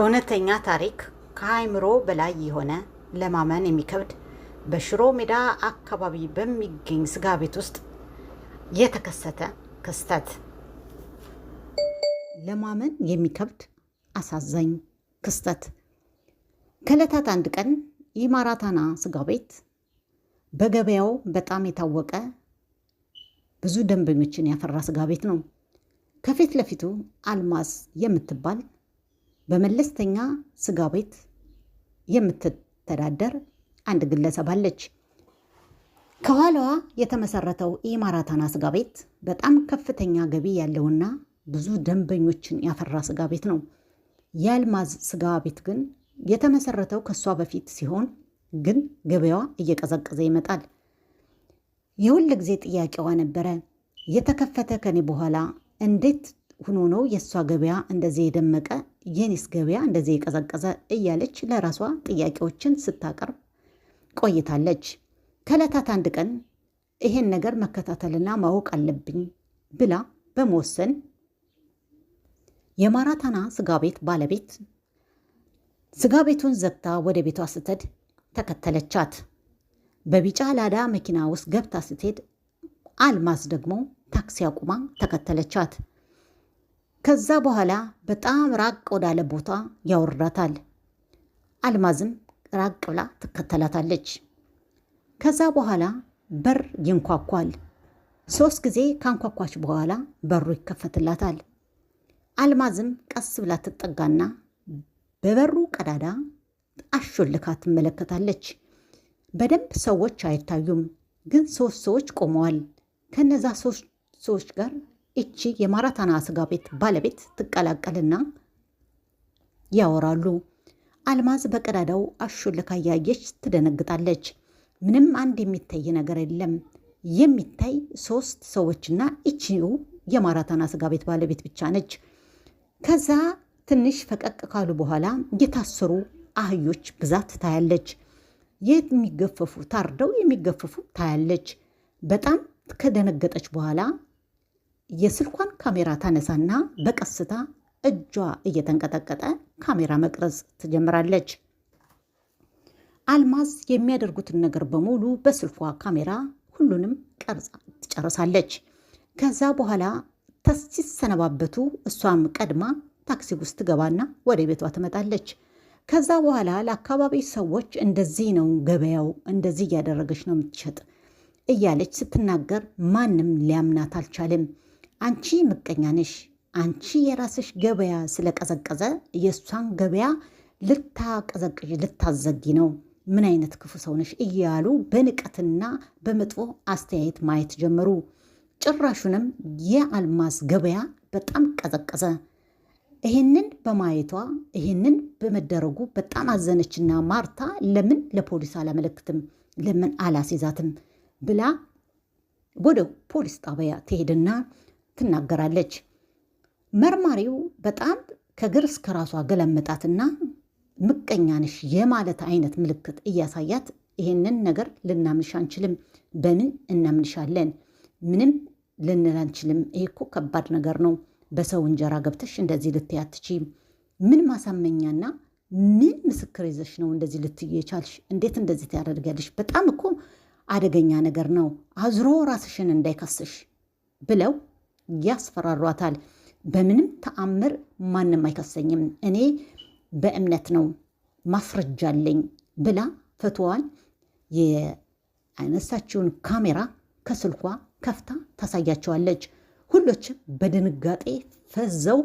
እውነተኛ ታሪክ ከአእምሮ በላይ የሆነ ለማመን የሚከብድ በሽሮ ሜዳ አካባቢ በሚገኝ ስጋ ቤት ውስጥ የተከሰተ ክስተት። ለማመን የሚከብድ አሳዛኝ ክስተት። ከእለታት አንድ ቀን የማራታና ስጋ ቤት በገበያው በጣም የታወቀ ብዙ ደንበኞችን ያፈራ ስጋ ቤት ነው። ከፊት ለፊቱ አልማዝ የምትባል በመለስተኛ ስጋ ቤት የምትተዳደር አንድ ግለሰብ አለች። ከኋላዋ የተመሰረተው ኢማራታና ስጋ ቤት በጣም ከፍተኛ ገቢ ያለውና ብዙ ደንበኞችን ያፈራ ስጋ ቤት ነው። የአልማዝ ስጋ ቤት ግን የተመሰረተው ከእሷ በፊት ሲሆን ግን ገበያዋ እየቀዘቀዘ ይመጣል። የሁል ጊዜ ጥያቄዋ ነበረ የተከፈተ ከኔ በኋላ እንዴት ሁኖ ነው የእሷ ገበያ እንደዚህ የደመቀ የኔስ ገበያ እንደዚህ የቀዘቀዘ እያለች ለራሷ ጥያቄዎችን ስታቀርብ ቆይታለች። ከለታት አንድ ቀን ይሄን ነገር መከታተልና ማወቅ አለብኝ ብላ በመወሰን የማራታና ስጋ ቤት ባለቤት ስጋ ቤቱን ዘግታ ወደ ቤቷ ስትሄድ ተከተለቻት። በቢጫ ላዳ መኪና ውስጥ ገብታ ስትሄድ አልማዝ ደግሞ ታክሲ አቁማ ተከተለቻት። ከዛ በኋላ በጣም ራቅ ወዳለ ቦታ ያወርዳታል። አልማዝም ራቅ ብላ ትከተላታለች። ከዛ በኋላ በር ይንኳኳል። ሶስት ጊዜ ካንኳኳች በኋላ በሩ ይከፈትላታል። አልማዝም ቀስ ብላ ትጠጋና በበሩ ቀዳዳ አሾልካ ትመለከታለች። በደንብ ሰዎች አይታዩም፣ ግን ሶስት ሰዎች ቆመዋል። ከነዛ ሶስት ሰዎች ጋር እቺ የማራታና ስጋ ቤት ባለቤት ትቀላቀልና ያወራሉ። አልማዝ በቀዳዳው አሹልካ እያየች ትደነግጣለች። ምንም አንድ የሚታይ ነገር የለም። የሚታይ ሶስት ሰዎችና እቺው የማራታና ስጋ ቤት ባለቤት ብቻ ነች። ከዛ ትንሽ ፈቀቅ ካሉ በኋላ የታሰሩ አህዮች ብዛት ታያለች። የት የሚገፈፉ ታርደው የሚገፈፉ ታያለች። በጣም ከደነገጠች በኋላ የስልኳን ካሜራ ታነሳና በቀስታ እጇ እየተንቀጠቀጠ ካሜራ መቅረጽ ትጀምራለች። አልማዝ የሚያደርጉትን ነገር በሙሉ በስልኳ ካሜራ ሁሉንም ቀርጻ ትጨርሳለች። ከዛ በኋላ ሲሰነባበቱ እሷም ቀድማ ታክሲ ውስጥ ትገባና ወደ ቤቷ ትመጣለች። ከዛ በኋላ ለአካባቢ ሰዎች እንደዚህ ነው ገበያው፣ እንደዚህ እያደረገች ነው የምትሸጥ እያለች ስትናገር ማንም ሊያምናት አልቻለም። አንቺ ምቀኛ ነሽ፣ አንቺ የራስሽ ገበያ ስለቀዘቀዘ የእሷን ገበያ ልታቀዘቅዥ ልታዘጊ ነው፣ ምን አይነት ክፉ ሰው ነሽ እያሉ በንቀትና በመጥፎ አስተያየት ማየት ጀመሩ። ጭራሹንም የአልማዝ ገበያ በጣም ቀዘቀዘ። ይህንን በማየቷ ይህንን በመደረጉ በጣም አዘነችና ማርታ ለምን ለፖሊስ አላመለክትም ለምን አላስይዛትም ብላ ወደ ፖሊስ ጣቢያ ትሄድና ትናገራለች። መርማሪው በጣም ከግር እስከ ራሷ ገለመጣትና ምቀኛ ነሽ የማለት አይነት ምልክት እያሳያት ይሄንን ነገር ልናምንሽ አንችልም። በምን እናምንሻለን? ምንም ልንል አንችልም። ይሄ እኮ ከባድ ነገር ነው። በሰው እንጀራ ገብተሽ እንደዚህ ልትይ አትችይም። ምን ማሳመኛና ምን ምስክር ይዘሽ ነው እንደዚህ ልትይ የቻልሽ? እንዴት እንደዚህ ታደርጊያለሽ? በጣም እኮ አደገኛ ነገር ነው። አዝሮ ራስሽን እንዳይከስሽ ብለው ያስፈራሯታል። በምንም ተአምር ማንም አይከሰኝም፣ እኔ በእምነት ነው ማስረጃ አለኝ ብላ ፈትዋን የአነሳችውን ካሜራ ከስልኳ ከፍታ ታሳያቸዋለች። ሁሎችም በድንጋጤ ፈዘው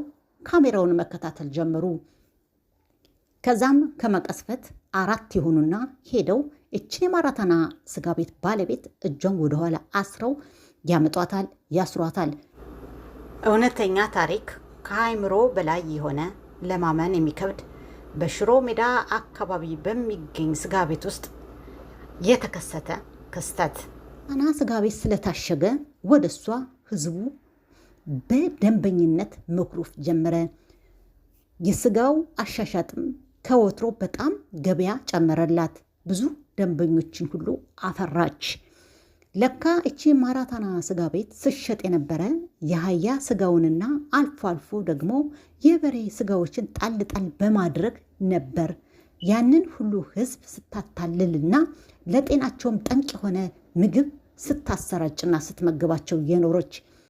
ካሜራውን መከታተል ጀመሩ። ከዛም ከመቀስፈት አራት የሆኑና ሄደው እችን የማራታና ስጋ ቤት ባለቤት እጇን ወደኋላ አስረው ያመጧታል፣ ያስሯታል። እውነተኛ ታሪክ ከአእምሮ በላይ የሆነ ለማመን የሚከብድ በሽሮ ሜዳ አካባቢ በሚገኝ ስጋ ቤት ውስጥ የተከሰተ ክስተት አና ስጋ ቤት ስለታሸገ ወደ እሷ ህዝቡ በደንበኝነት መኩረፍ ጀመረ። የስጋው አሻሻጥም ከወትሮ በጣም ገበያ ጨመረላት። ብዙ ደንበኞችን ሁሉ አፈራች። ለካ እቺ ማራታና ስጋ ቤት ስሸጥ የነበረ የአህያ ስጋውንና አልፎ አልፎ ደግሞ የበሬ ስጋዎችን ጣል ጣል በማድረግ ነበር ያንን ሁሉ ህዝብ ስታታልልና ለጤናቸውም ጠንቅ የሆነ ምግብ ስታሰራጭና ስትመግባቸው የኖሮች